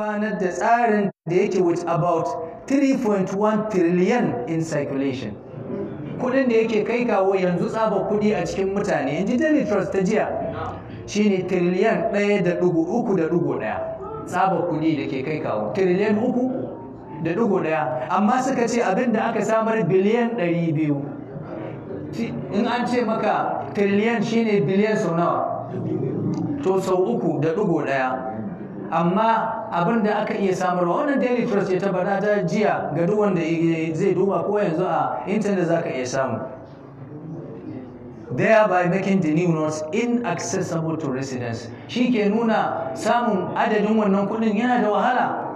amfanar da tsarin da yake with about 3.1 trillion in circulation kudin da yake kai kawo yanzu tsaba kudi a cikin mutane in ji daily trust ta jiya shi ne trillion 1.3.1 tsaba kudi da ke kai kawo trillion 3.1 amma suka ce abin da aka samar biliyan 200 in an ce maka trillion shine biliyan sau nawa to sau uku da ɗigo ɗaya amma abin da aka iya samarwa wannan daily trust ya tabbata ta jiya ga duk wanda zai duba ko yanzu a intanet za ka iya samu thereby making the new notes inaccessible to residents shi ke nuna samun adadin wannan kudin yana da wahala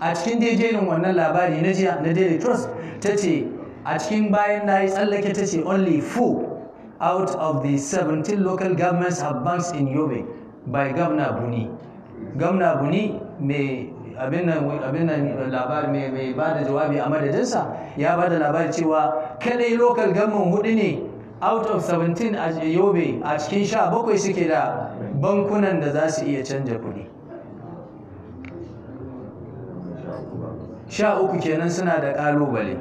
a cikin dejenin wannan labari na jiya na daily trust ta ce a cikin bayan na yi tsallake ta ce only four out of the 17 local governments have banks in yobe by gamna buni gamna buni mai abin nan eh, labari mai ba da jawabi a madadinsa ya ba da labari cewa kadai lokal gamin hudu ne out of 17 a yobe a cikin sha bakwai suke da bankunan da za su iya canja kuɗi sha uku kenan suna da kalubale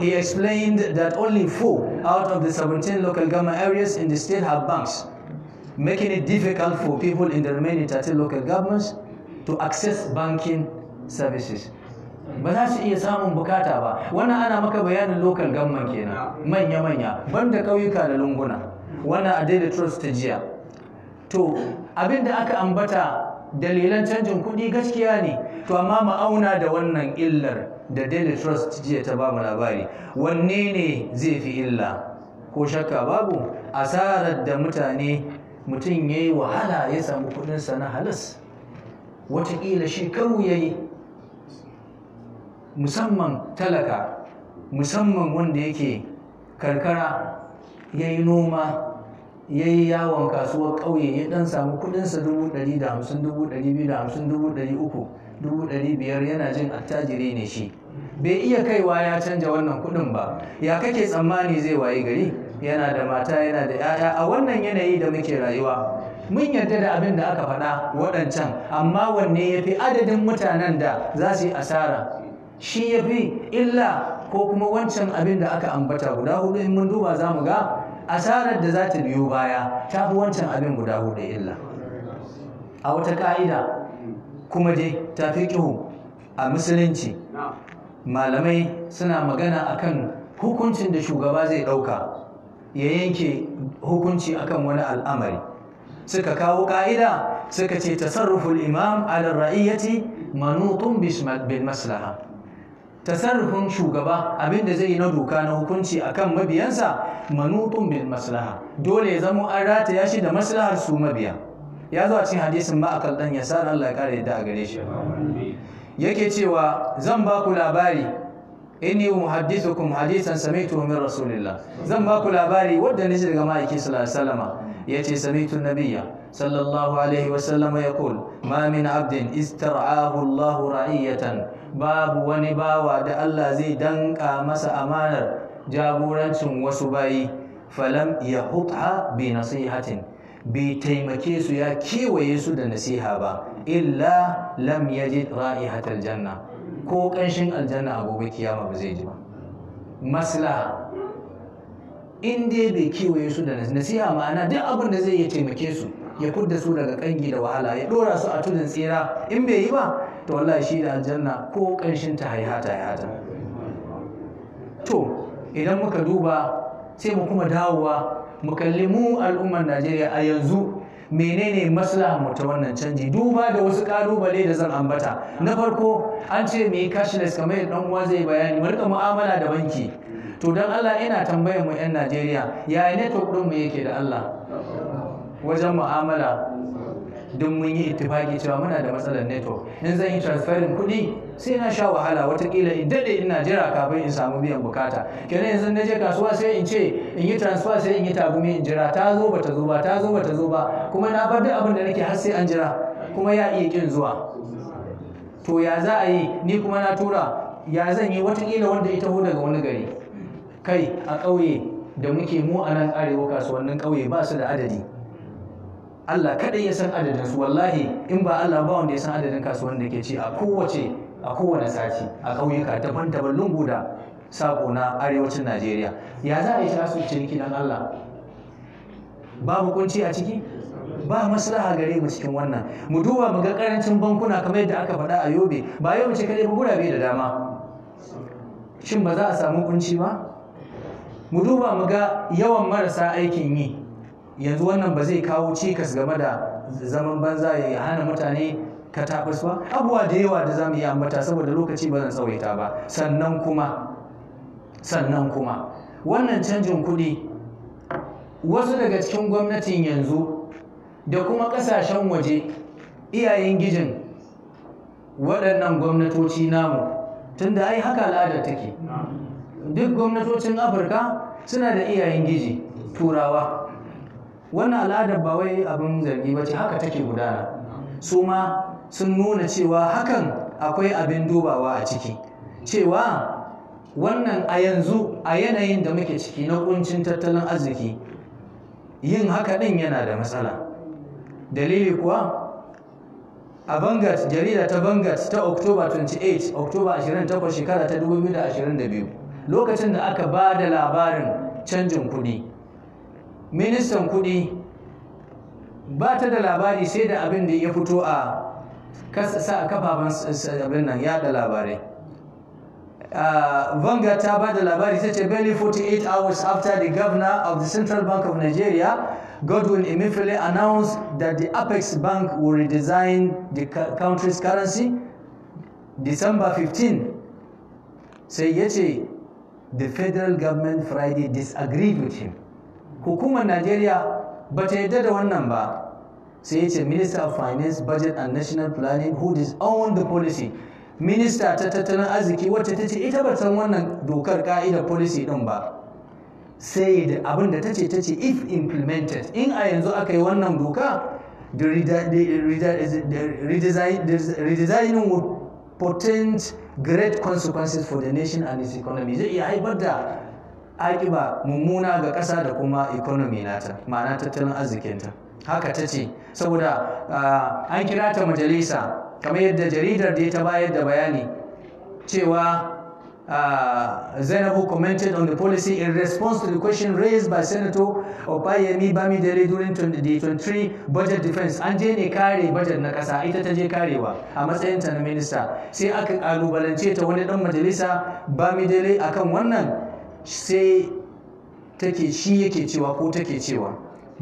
He explained that only four out of the 17 local government areas in the state have banks. making it difficult for people in the remaining 13 local governments to access banking services ba za su iya samun bukata ba wannan ana maka bayanin local government kenan manya-manya banda ƙauyuka da lunguna wannan a daily trust ta jiya to abinda aka ambata dalilan canjin kuɗi gaskiya ne to amma ma'auna da wannan illar da daily trust jiya ta bamu labari wanne ne zai fi illa ko shakka babu asarar da mutane mutum ya yi wahala ya samu kudinsa na halas watakila shi kawo ya yi musamman talaka musamman wanda yake karkara ya yi noma ya yi yawon kasuwar ƙauye ya ɗan samu kudinsa dubu ɗari da hamsin dubu ɗari biyu da hamsin dubu ɗari uku dubu ɗari biyar yana jin attajiri ne shi bai iya kaiwa ya canja wannan kudin ba ya kake tsammani zai waye gari yana da mata yana da 'ya'ya a wannan yanayi da muke rayuwa mun yarda da abin da aka faɗa waɗancan amma wanne ya fi adadin mutanen da za su yi asara shi ya fi illa ko kuma wancan abin da aka ambata guda hudu in mun duba za mu ga asarar da za ta biyo baya ta fi wancan abin guda hudu illa a wata ka'ida kuma dai ta fi a musulunci malamai suna magana akan hukuncin da shugaba zai ɗauka ya yanke hukunci akan wani al'amari suka kawo ka'ida suka ce tasarruful imam ala ra'iyyati manutun bil maslaha tasarrufin shugaba abinda zai yi na doka na hukunci akan mabiyansa manutun bil maslaha dole ya zamo an rataya shi da maslahar su mabiya ya zo a cikin hadisin ma'akal dan yasar Allah ya kare yadda a gare shi yake cewa zan ba ku labari inni muhaddithukum hadithan sami'tuhu min rasulillah zan ba ku labari wanda nace daga ma'aiki sallallahu alaihi wasallam yace sami'tu nabiyya sallallahu alaihi wasallam yaqul ma min abdin istar'ahu Allah ra'iyatan babu wani bawa da Allah zai danka masa amanar jagorancin wasu bayi falam yahutha bi nasihatin bai taimake su ya kewaye su da nasiha ba illa lam yajid ra'ihatal janna ko ƙanshin aljanna a gobe kiyama ba zai ji ba masla in dai bai kewaye su da nasiha ma'ana duk abin da zai ya taimake su ya kudda su daga kangi da wahala ya ɗora su a tudun tsira in bai yi ba to wallahi shi da aljanna ko ƙanshin ta haihata haihata to idan muka duba sai mu kuma dawowa mu kalli mu al'ummar Najeriya a yanzu menene maslahar mu ta wannan canji duba da wasu kalubale da zan ambata na farko an ce mu yi cashless kamar yadda dan uwa zai bayani mu rika mu'amala da banki to dan Allah ina tambayar mu yan Najeriya ya network din mu yake da Allah wajen mu'amala Don mun yi itifaki cewa muna da matsalar network in zan yi transferin kuɗi sai na sha wahala watakila in daɗe ina jira kafin in samu biyan bukata kenan yanzu na je kasuwa sai in ce in yi transfer sai in yi tagumi in jira ta zo bata zo ba ta zo bata zo ba kuma na bar duk abin da nake har sai an jira kuma ya iya kin zuwa to ya za a yi ni kuma na tura ya zan yi watakila wanda ita taho daga wani gari kai a ƙauye da muke mu a nan arewa kasuwannin ƙauye ba su da adadi Allah kadai ya san adadin su wallahi in ba Allah ba wanda ya san adadin kasuwan da ke ci a kowace a kowane sati a ƙauyuka daban-daban lungu da sako na arewacin Najeriya ya za a yi su ciniki dan Allah babu kunci a ciki ba maslaha gare mu cikin wannan mu duba mu ga karancin bankuna kamar yadda aka faɗa a Yobe ba yau ce kadai ba gurabe da dama shin ba za a samu kunci ba mu duba mu ga yawan marasa aikin yi yanzu wannan ba zai kawo cikas game da zaman banza ya hana mutane katabus ba abuwa da yawa da zamu yi ambata saboda lokaci ba zan tsawaita ba sannan kuma sannan kuma wannan canjin kuɗi wasu daga cikin gwamnatin yanzu da kuma ƙasashen waje iyayen gijin waɗannan gwamnatoci namu tunda ai haka al'adar take duk gwamnatocin afirka suna da iyayen giji turawa wannan al'ada ba wai abin zargi ba ce haka take gudana su ma sun nuna cewa hakan akwai abin dubawa a ciki cewa wannan a yanzu a yanayin da muke ciki na kuncin tattalin arziki yin haka ɗin yana da matsala dalili kuwa a bangas jarida ta bangas ta oktoba 28 oktoba 28 shekara ta 2022 lokacin da aka ba da labarin canjin kuɗi ministan Kudi, ba ta da labari sai da abin da ya fito a sa kafafen abin nan yada labarai vanga ta ba da labari ta ce barely 48 hours after the governor of the central bank of nigeria godwin emefiele announced that the apex bank will redesign the country's currency december 15 Say ya the federal government friday disagreed with him hukumar najeriya ba ta yadda da wannan ba sai ce minister of finance budget and national planning who is own the policy minista ta tattalin arziki wacce ta ce ita ba san wannan dokar ka'idar policy din ba sai da abin da ta ce ta ce if implemented in a yanzu aka yi wannan doka the redesigning would potent great consequences for the nation and its economy zai iya haifar da akiba mummuna ga ƙasa da kuma economy nata ma'ana tattalin arzikinta haka ta ce saboda an kira ta majalisa kamar yadda jaridar da ta bayar da bayani cewa Zainabu commented on the policy in response to the question raised by Senator Obayemi Bamidele during the 23 budget defense. An je ne kare budget na kasa ita ta je karewa a matsayinta na minista. Sai aka kalubalance ta wani dan majalisa Bamidele akan wannan sai take shi yake cewa ko take cewa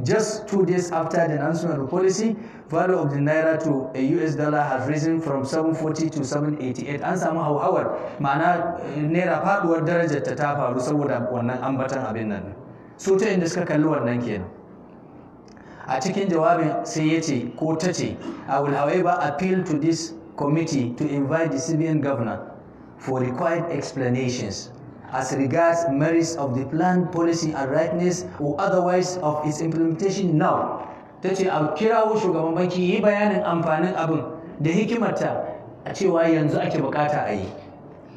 just two days after the announcement of the policy value of the naira to a US dollar has risen from 740 to 788 an samu hauhawar ma'ana eh, naira faduwar darajar ta ta faru saboda wannan ambatan abin nan su ta inda suka kalli wannan kenan a cikin jawabin sai ya ce ko ta ce i will however appeal to this committee to invite the cbn governor for required explanations as regards merits of the plan policy and rightness or otherwise of its implementation now ta ce a kirawo shugaban banki yi bayanin amfanin abin da hikimarta a cewa yanzu ake bukata a yi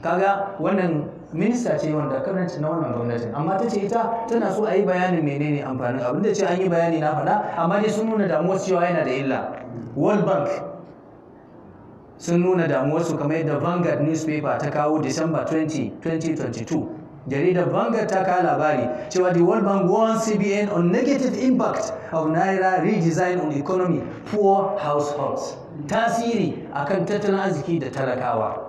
kaga wannan minista ce wanda karanci na wannan gwamnatin amma ta ce ita tana so a yi bayanin menene amfanin abin da ce an yi bayani na faɗa amma dai sun nuna damuwar cewa yana da illa world bank sun nuna damuwarsu kamar yadda Vangard newspaper ta kawo December 20, 2022. Jaridar Vangard ta kawo labari cewa the World Bank warns CBN on negative impact of Naira redesign on economy poor households. Tasiri akan tattalin arziki da talakawa.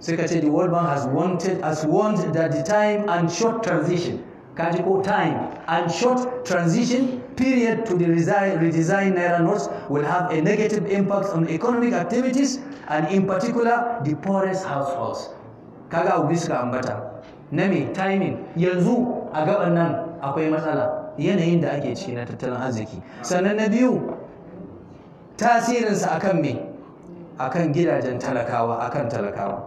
Suka ce the World Bank has wanted has warned that the time and short transition kaji ko time and short transition period to the redesign Naira notes will have a negative impact on economic activities and in particular the poorest households. Kaga abu suka ambata. Na mai timing yanzu a gaban nan akwai matsala yanayin da ake ciki na tattalin arziki. Sannan na biyu tasirinsa akan me? Akan gidajen talakawa, akan talakawa.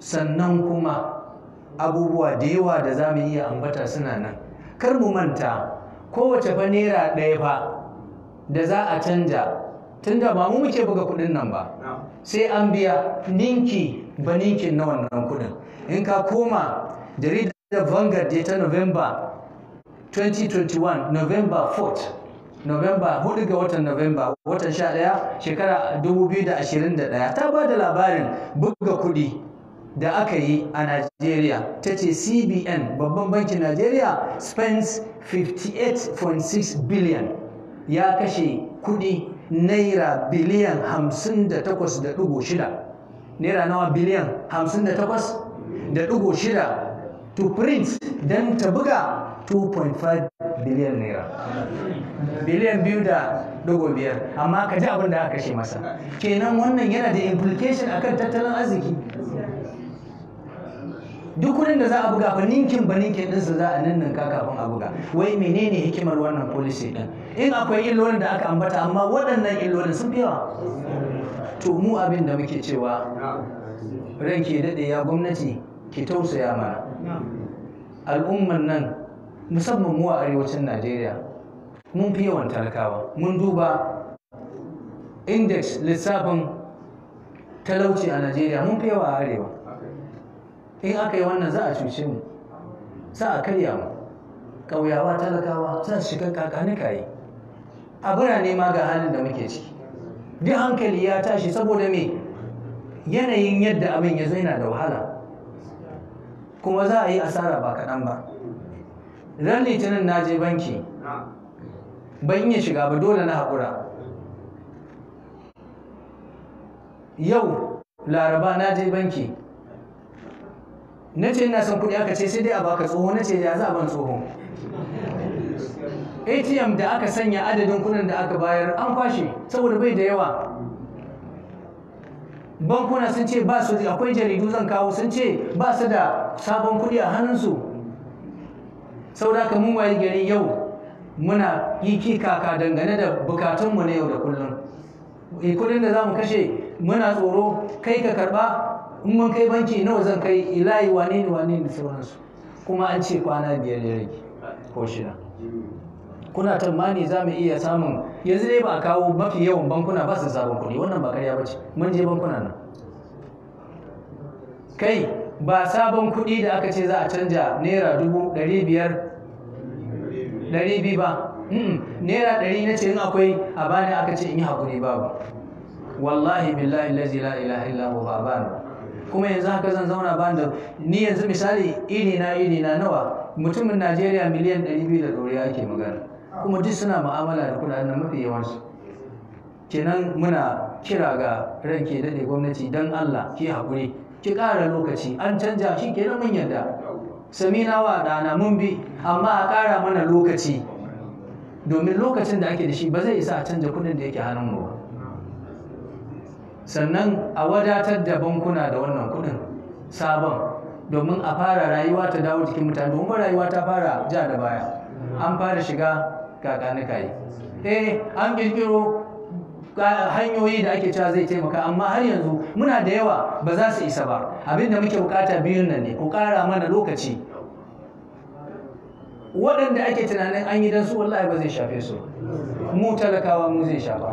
Sannan kuma abubuwa da yawa da za iya ambata suna nan. kar mu manta kowace fa naira ɗaya fa da za a canja tunda ba mu muke buga kuɗin nan ba sai an biya ninki ba ninkin na wannan kuɗin in ka koma jaridar vanguard ta november 2021 november 4th november hudu ga watan november watan 11 shekara 2021 ta ba da labarin buga kuɗi da aka yi a Najeriya ta ce CBN babban bankin Najeriya spends 58.6 billion ya kashe kudi naira biliyan 58.6 naira nawa biliyan 58.6 to print don ta buga 2.5 biliyan naira biliyan biyu da dogo biyar amma ka ji abin da aka kashe masa kenan wannan yana da implication akan tattalin arziki duk wurin da za a buga ba ninkin ba ninkin din su za a nan kafin a buga wai menene hikimar wannan policy din in akwai illolin da aka ambata amma waɗannan illolin sun fi yawa to mu abin da muke cewa ranke daɗe ya gwamnati ki tausaya mana al'umman nan musamman mu a arewacin najeriya mun fi yawan talakawa mun duba index lissafin talauci a najeriya mun fi yawa a arewa in aka yi wannan za a cuce mu za a karya mu ƙauyawa talakawa za su shiga kakanika kayi a birane ma ga halin da muke ciki duk hankali ya tashi saboda me yanayin yadda abin ya zo yana da wahala kuma za a yi asara ba kaɗan ba ran litinin na je banki ban iya shiga ba dole na haƙura yau laraba na je banki na ce ina son kuɗi aka ce sai dai a baka tsoho na ce ya za a ban tsoho atm da aka sanya adadin kuɗin da aka bayar an kwashe saboda bai da yawa bankuna sun ce ba su akwai jaridu zan kawo sun ce ba su da sabon kuɗi a hannunsu saboda aka mun wayi gari yau muna yi kikaka dangane da bukatunmu na yau da kullum eh, kuɗin da za mu kashe muna tsoro kai ka karba. in mun kai banki nawa zan kai ilayi wane ne wane ne sauransu kuma an ce kwana biyar ya rage ko shida kuna tamani za mu iya samun yanzu dai ba a kawo mafi yawan bankuna ba su sabon kuɗi wannan ba karya ba mun je bankuna nan kai ba sabon kuɗi da aka ce za a canja naira dubu ɗari biyar ɗari biyu ba naira ɗari na ce in akwai a bani aka ce in yi haƙuri babu wallahi billahi lazi la ilaha illahu ba bani kuma yanzu haka zan zauna ba da ni yanzu misali iri na iri na nawa mutumin Najeriya miliyan 200 da doriya ake magana kuma duk suna mu'amala da kudaden mafi yawansu kenan muna kira ga ranke dade gwamnati don Allah ki hakuri ki ƙara lokaci an canja shi kenan mun yarda samina wa ɗana mun bi amma a ƙara mana lokaci domin lokacin da ake da shi ba zai isa a canja kuɗin da yake hannun mu ba sannan a wadatar da bankuna da wannan kuɗin sabon domin a fara rayuwa ta dawo cikin mutane domin rayuwa ta fara ja da baya an fara shiga kakanika yi eh an kirkiro hanyoyi da ake cewa zai taimaka amma har yanzu muna da yawa ba za su isa ba abinda muke bukata biyun nan ne ku kara mana lokaci waɗanda ake tunanin an yi don su wallahi ba zai shafe su mu talakawa mu zai shafa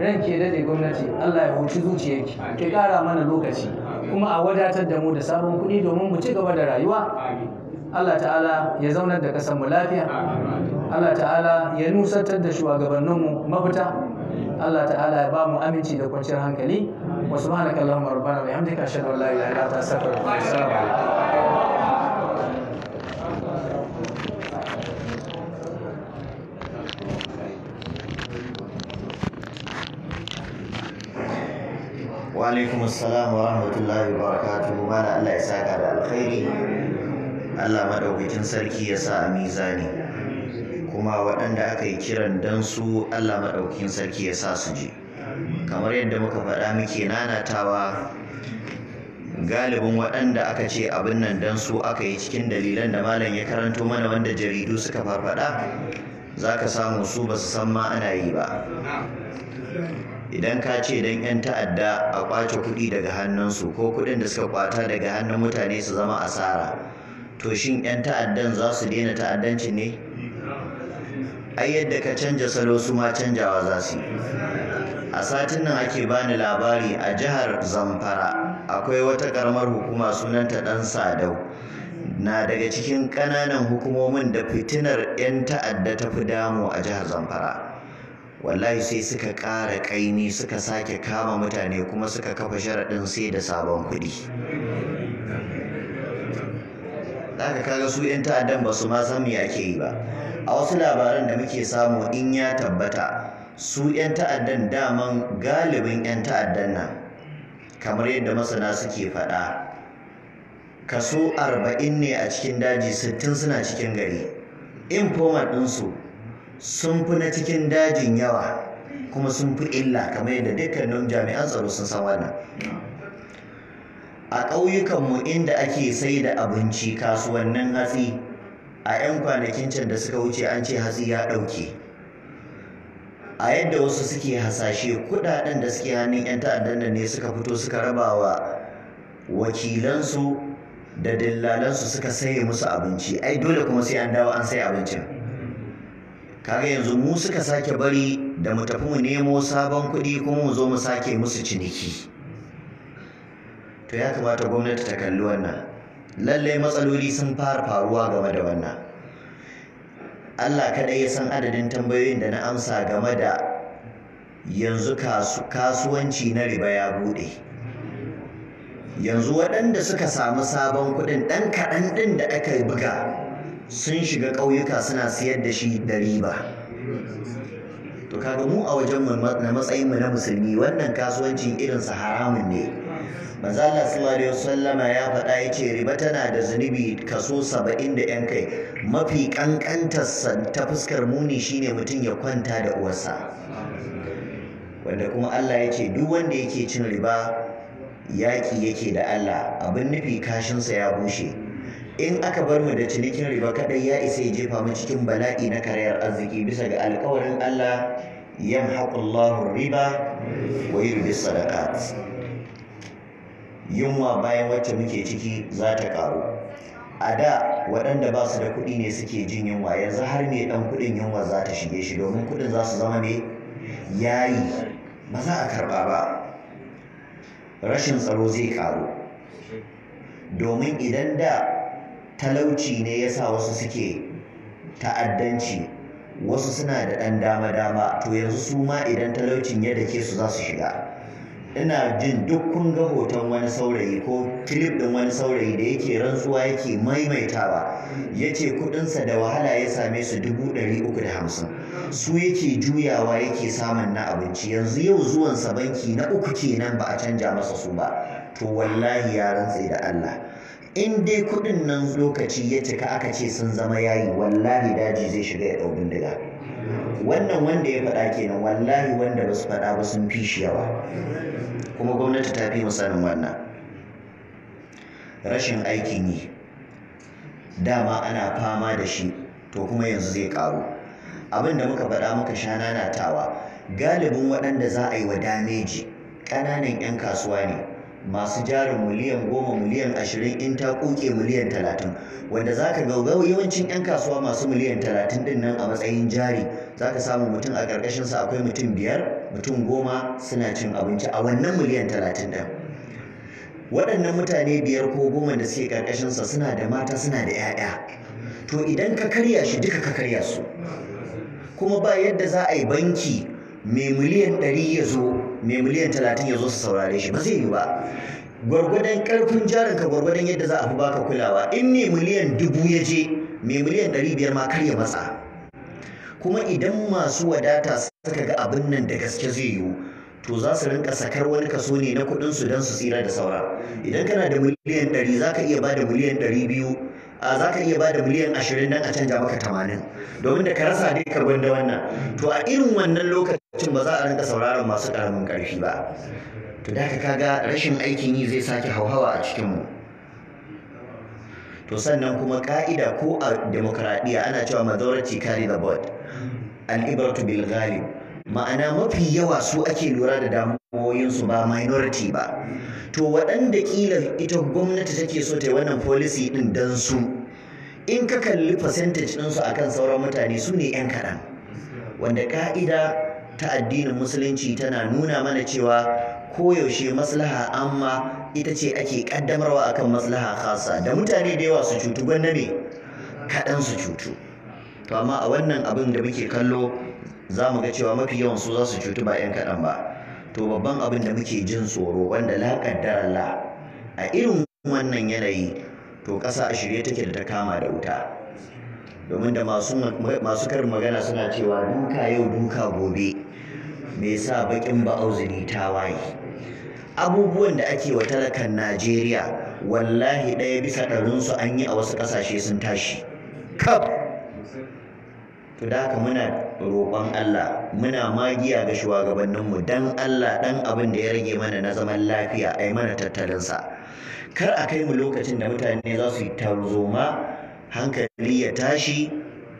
ran ke dade gwamnati Allah ya huci zuciyarki ki kara mana lokaci kuma a wadatar da mu da sabon kuɗi domin mu ci gaba da rayuwa Allah ta'ala ya zaunar da kasar mu lafiya Allah ta'ala ya nusantar da shugabanninmu mafita Allah ta'ala ya ba mu aminci da kwanciyar hankali wa allahumma rabbana wa bihamdika ashhadu an la ilaha illa anta astaghfiruka wa atubu ilaik wa alaikum assalam wa rahmatullahi wa barakatuhu mala Allah ya saka da alkhairi Allah madaukakin sarki ya sa a mizani kuma waɗanda aka yi kiran dan su Allah madaukakin sarki ya sa su ji kamar yadda muka faɗa muke nanatawa galibin waɗanda aka ce abin nan dan su aka yi cikin dalilan da malam ya karanto mana wanda jaridu suka farfaɗa? za ka samu su basu san ma ana yi ba idan ka ce don yan ta'adda a kwace kuɗi daga hannunsu ko kuɗin da suka kwata daga hannun mutane su zama asara to shin yan ta'addan za su daina ta'addanci ne ai yadda ka canja salo su ma canjawa za su a satin nan ake bani labari a jihar zamfara akwai wata karamar hukuma sunanta dan sadau na daga cikin ƙananan hukumomin da fitinar 'yan ta'adda ta fi damu a jihar zamfara wallahi sai suka ƙara ƙaini suka sake kama mutane kuma suka kafa sharaɗin sai da sabon kuɗi aka kaga su 'yan ta'addan ba su ma san me ake yi ba a wasu labaran da muke samu in ya tabbata su 'yan ta'addan daman galibin 'yan ta'addan nan kamar yadda masana suke faɗa kaso arba'in ne a cikin daji sittin suna cikin gari informant ɗinsu sun fi na cikin dajin yawa kuma sun fi illa kamar yadda dukkanin jami'an tsaro sun san wannan a ƙauyukanmu inda ake sai da abinci kasuwannin hatsi a 'yan kwanakin can da suka wuce an ce hatsi ya ɗauke a yadda wasu suke hasashe kuɗaɗen da suke hannun 'yan ta'addan da ne suka fito suka raba wa wakilansu da dillalansu suka saye musu abinci ai dole kuma sai an dawo an sai abincin kaga yanzu mu suka sake bari da mu tafi mu nemo sabon kuɗi kuma mu zo mu sake musu ciniki to ya kamata gwamnati ta kalli wannan lallai matsaloli sun fara faruwa game da wannan Allah kaɗai ya san adadin tambayoyin da na amsa game da yanzu kasuwanci na riba ya buɗe yanzu waɗanda suka samu sabon kuɗin ɗan kaɗan ɗin da aka buga sun shiga ƙauyuka suna siyar da shi da riba to kaga mu a wajen mu na matsayin mu na musulmi wannan kasuwanci irin sa haramun ne manzo Allah sallallahu alaihi wasallama ya faɗa yace riba tana da zunubi kaso 70 da yan kai mafi kankantar ta fuskar muni shine mutum ya kwanta da uwarsa wanda kuma Allah yace duk wanda yake cin riba yaki yake da Allah abin nufi kashinsa ya bushe in aka bar mu da cinikin riba kadai ya isa ya jefa mu cikin bala'i na karayar arziki bisa ga alkawarin Allah yamhaqullahu riba wa yurbi sadaqat yunwa bayan wacce muke ciki za ta karu a da waɗanda ba su da kuɗi ne suke jin yunwa yanzu har mai ɗan kuɗin yunwa za ta shige shi domin kuɗin za su zama ne yayi ba za a karɓa ba rashin tsaro zai ƙaru. domin idan da talauci ne ya sa wasu suke ta'addanci wasu suna da ɗan dama-dama to yanzu su ma idan talaucin ya dake su za su shiga ina jin duk kun ga hoton wani saurayi ko clip ɗin wani saurayi da yake rantsuwa yake maimaitawa ya ce kuɗinsa da wahala ya same su dubu ɗari uku da hamsin su yake juyawa yake samun na abinci yanzu yau zuwansa banki na uku kenan ba a canja masa su ba to wallahi ya rantse da Allah in dai kudin nan lokaci ya cika aka ce sun zama yayi wallahi daji zai shiga ya ɗau bindiga wannan wanda ya faɗa kenan wallahi wanda ba su faɗa ba sun fi shi yawa kuma gwamnati ta fi musanin wannan rashin aikin yi dama ana fama da shi to kuma yanzu zai ƙaru abin da muka faɗa muka sha nanatawa galibin waɗanda za a yi wa dameji ƙananan 'yan kasuwa ne masu jarin miliyan goma miliyan ashirin in ta kuke miliyan talatin wanda za ka gaugau yawancin 'yan kasuwa masu miliyan talatin din nan a matsayin jari za ka samu mutum a sa akwai mutum biyar mutum goma suna cin abinci a wannan miliyan talatin din waɗannan mutane biyar ko goma da suke sa suna da mata suna da 'ya'ya to idan ka karya shi duka ka karya su kuma ba yadda za a yi banki mai miliyan ɗari ya zo mai miliyan talatin ya zo su saurare shi ba zai yi ba gwargwadon ƙarfin jarinka gwargwadon yadda za a fi baka kulawa in mai miliyan dubu ya je mai miliyan ɗari biyar ma kar ya matsa kuma idan masu wadata suka ga abin nan da gaske zai yiwu to za su rinka sakar wani kaso ne na kuɗinsu don su tsira da saura idan kana da miliyan ɗari za ka iya ba da miliyan ɗari biyu za ka iya ba da miliyan ashirin nan a canja maka tamanin domin da ka rasa dai ka gwanda wannan to a irin wannan lokacin ba za a rinka sauraron masu karamin karfi ba to da ka ga rashin aikin yi zai sake hauhawa a cikinmu to sannan kuma ka'ida ko a demokradiyya ana cewa majority carry the board al-ibratu bil ghalib ma'ana mafi yawa su ake lura da damuwoyinsu ba minority ba to waɗanda ƙila ita gwamnati take so ta yi wannan policy ɗin don su in ka kalli percentage ɗinsu akan sauran mutane su ne 'yan kaɗan wanda ka'ida ta addinin musulunci tana nuna mana cewa koyaushe maslaha amma ita ce ake ƙaddamarwa akan maslaha khasa da mutane da yawa su cutu gwanne ne kaɗan su cutu to amma a wannan abin da muke kallo za mu ga cewa mafi yawan su za su cutu ba 'yan kaɗan ba to babban abin da muke jin tsoro wanda la kaddara a irin wannan yanayi to ƙasa a shirye take da ta kama da wuta domin da masu kar karin magana suna cewa duka yau duka gobe me sa bakin auzini ta waye abubuwan da ake wa talakan Najeriya wallahi ɗaya bisa ɗarinsu an yi a wasu ƙasashe sun tashi kaf to da haka muna roƙon Allah muna magiya ga shugabanninmu dan Allah dan abin da ya rage mana na zaman lafiya ai mana tattalinsa kar a kai mu lokacin da mutane za su yi tarzoma hankali ya tashi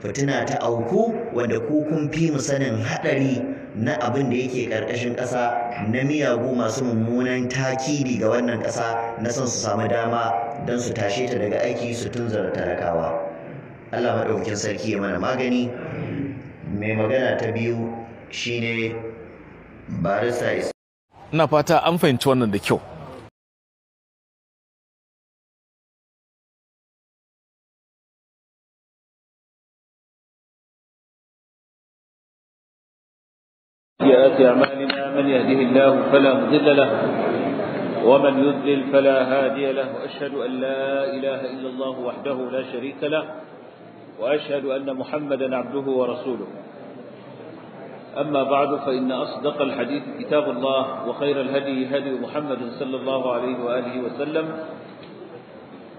fitina ta auku wanda ku kun fi mu sanin haɗari na abin da yake ƙarƙashin ƙasa na miyagu masu mummunan takiri ga wannan ƙasa na son su samu dama don su tashe ta daga aiki su tunzara talakawa. Allah maɗaukakin sarki ya mana magani mai magana ta biyu shine barista isa ina fata an fahimci wannan da kyau سيئات أعمالنا من يهده الله فلا مضل له ومن يضلل فلا هادي له وأشهد أن لا إله إلا الله وحده لا شريك له واشهد ان محمدا عبده ورسوله اما بعد فان اصدق الحديث كتاب الله وخير الهدي هدي محمد صلى الله عليه واله وسلم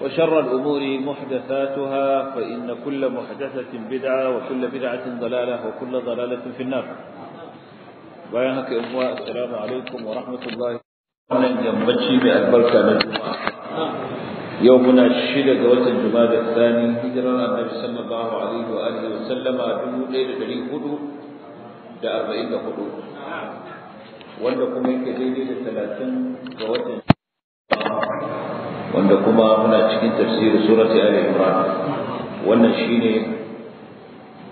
وشر الامور محدثاتها فان كل محدثه بدعه وكل بدعه ضلاله وكل ضلاله في النار bayan haka yan uwa assalamu alaikum ورحمة الله wannan yau muna shida ga watan jumada tsani hijirar annabi sallallahu alaihi wa alihi wa sallama dubu ɗaya da ɗari hudu da arba'in da hudu wanda kuma yake daidai da talatin ga watan wanda kuma muna cikin tafsirin surati ali imran wannan shine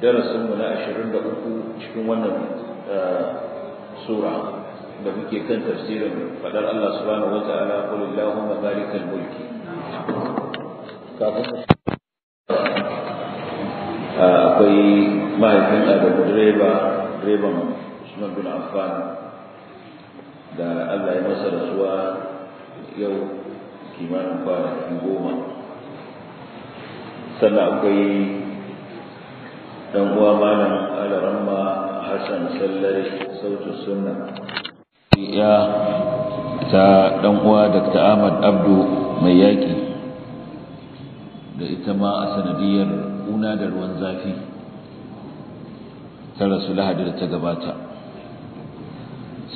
darasin mu na ashirin da uku cikin wannan eh, sura da muke kan tafsirin fadar Allah subhanahu wataala qul allahumma barik al-mulki akwai mahaifin adamu direba direban usman bin affan da allah ya masa rasuwa yau kimanin kwanaki goma sannan akwai ɗan uwa malam alaramma hassan sallar sautin sunna ya ta ɗan uwa dr ahmad abdu mai yaƙi. da ita ma a sanadiyar kuna da ruwan zafi ta rasu lahadi da ta gabata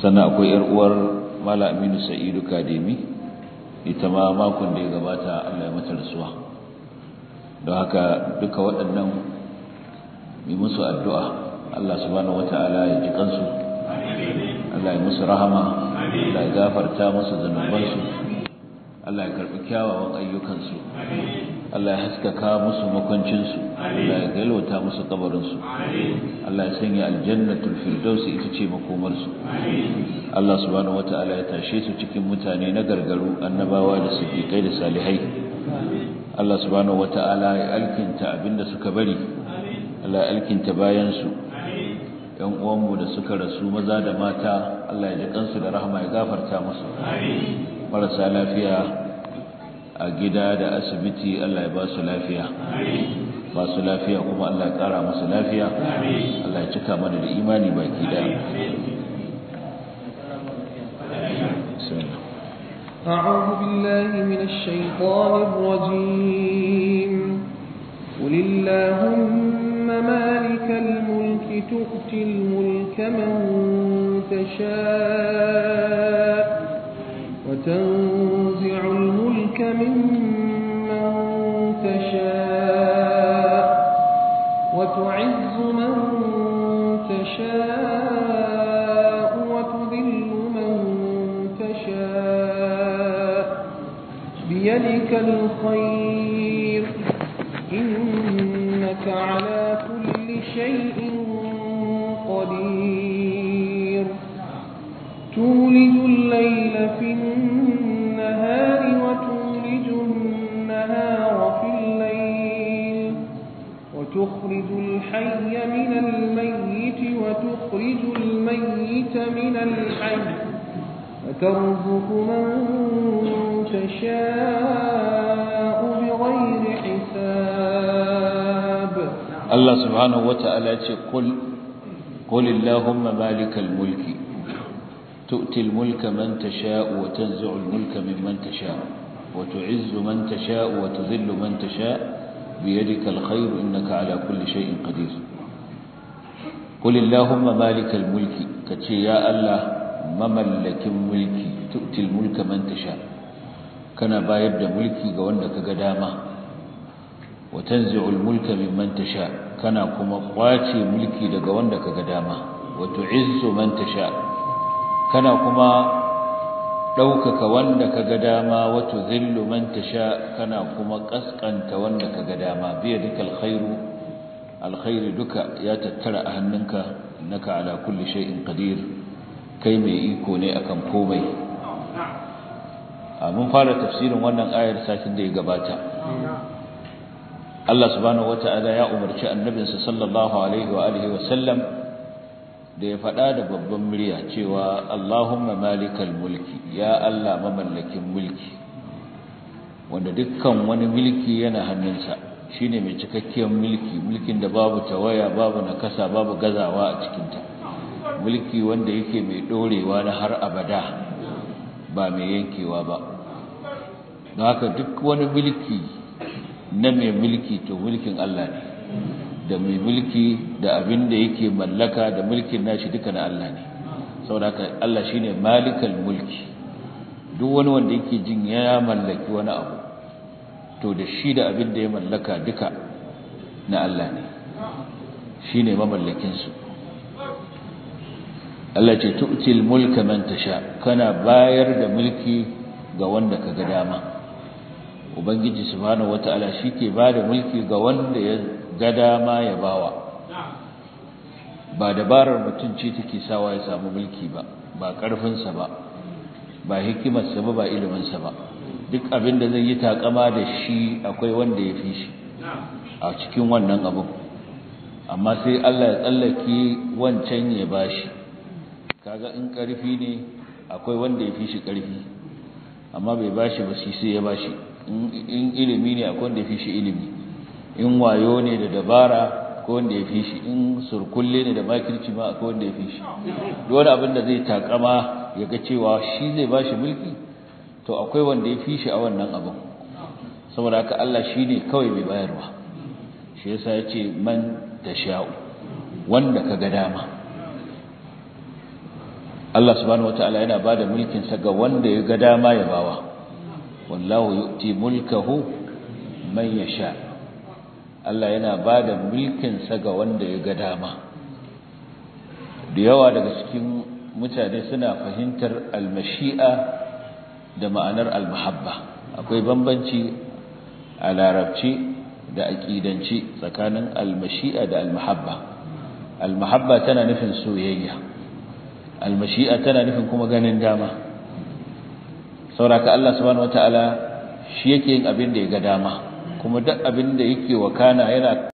sannan akwai yaruwar uwar mala aminu sa'idu kademi ita ma makon da ya gabata allah ya mata rasuwa don haka duka waɗannan yi musu addu'a allah subhanahu wata'ala ya ji kansu allah ya musu rahama allah ya gafarta musu zanubansu allah ya karɓi kyawawan ayyukansu Allah ya haskaka musu makwancinsu Allah ya galwata musu kabarinsu Allah ya sanya aljannatul firdausi ita ce makomarsu Allah subhanahu wataala ya tashe su cikin mutane na gargaru annabawa da siddiqai da salihai Allah subhanahu wataala ya alkinta abinda suka bari Allah ya alkinta bayan su yan uwanmu da suka rasu maza da mata Allah ya ji kansu da rahama ya gafarta musu marasa lafiya a gida da asibiti Allah ya ba su lafiya ba su lafiya kuma Allah ya kara musu lafiya Allah ya cika mana da imani baki daya أعوذ بالله من الشيطان الرجيم قل اللهم مالك الملك تؤتي الملك من تشاء وتنظر نُعَمِّرْكَ مِمَّن تَشَاءُ وَتُعِزُّ مَن تَشَاءُ وَتُذِلُّ مَن تَشَاءُ بِيَدِكَ الْخَيْرُ ترزق من تشاء بغير حساب الله سبحانه وتعالى قل قل اللهم مالك الملك تؤتي الملك من تشاء وتنزع الملك ممن تشاء وتعز من تشاء وتذل من تشاء بيدك الخير إنك على كل شيء قدير قل اللهم مالك الملك كتشي يا الله mamallakin mulki tu'til mulka man tasha kana bayar da mulki ga wanda kaga dama wa tanzi'ul mulka mimman tasha kana kuma kwace mulki daga wanda kaga dama wa tu'izzu man tasha kana kuma ɗaukaka wanda kaga dama wa tuzillu man tasha kana kuma kaskanta wanda kaga dama biya dukal khairu alkhairu duka ya tattara a hannunka innaka ala kulli shay'in qadir kai mai iko ne akan komai mun fara tafsirin wannan ayar satin da ya gabata Allah subhanahu wata'ala ya umarci annabinsa sallallahu alaihi wa alihi wa sallam da ya faɗa da babban murya cewa Allahumma malikal mulki ya Allah mamallakin mulki wanda dukkan wani mulki yana hannunsa shine mai cikakkiyar mulki mulkin da babu tawaya babu nakasa babu gazawa a cikinta mulki wanda yake mai dorewa na har abada ba mai yankewa ba don haka duk wani mulki na mai mulki to mulkin Allah ne da mai mulki da abin da yake mallaka da mulkin nashi duka na Allah ne saboda haka Allah shine malikal mulki duk wani wanda yake jin ya mallaki wani abu to da shi da abin da ya mallaka duka na Allah ne shine mamallakin su Allah ce tu'til mulka man tasha kana bayar da mulki ga wanda kaga dama ubangiji subhanahu wataala shike bada mulki ga wanda ya ga dama ya bawa ba dabarar mutum ce take sawa ya samu mulki ba ba sa ba ba hikimarsa ba ba iliminsa ba duk abin da zai yi takama da shi akwai wanda ya fi shi a cikin wannan abu. amma sai Allah ya tsallake wancan ya bashi kaga in karfi ne akwai wanda ya fi shi ƙarfi amma bai bashi ba shi sai ya bashi in ilimi ne akwai wanda ya fi shi ilimi in wayo ne da dabara akwai wanda ya fi shi in surkulle ne da makirci ma akwai wanda ya fi shi dole abin da zai takama ya ga cewa shi zai ba shi mulki to akwai wanda ya fi shi a wannan abin saboda haka Allah shi ne kawai mai bayarwa shi yasa ya ce man da sha'u wanda ka ga dama Allah subhanahu wataala yana ba da sa ga wanda ya ga dama ya bawa wallahu yu'ti mulkahu man yasha Allah yana ba da sa ga wanda ya ga dama da yawa daga cikin mutane suna fahimtar al-mashi'a da ma'anar al akwai bambanci a larabci da aqidanci tsakanin al-mashi'a da al almahabba al tana nufin soyayya almashi'a tana nufin kuma ganin dama sauraka Allah subhanahu wataala shi yake yin abin da ya ga dama kuma duk abin da yake wakana yana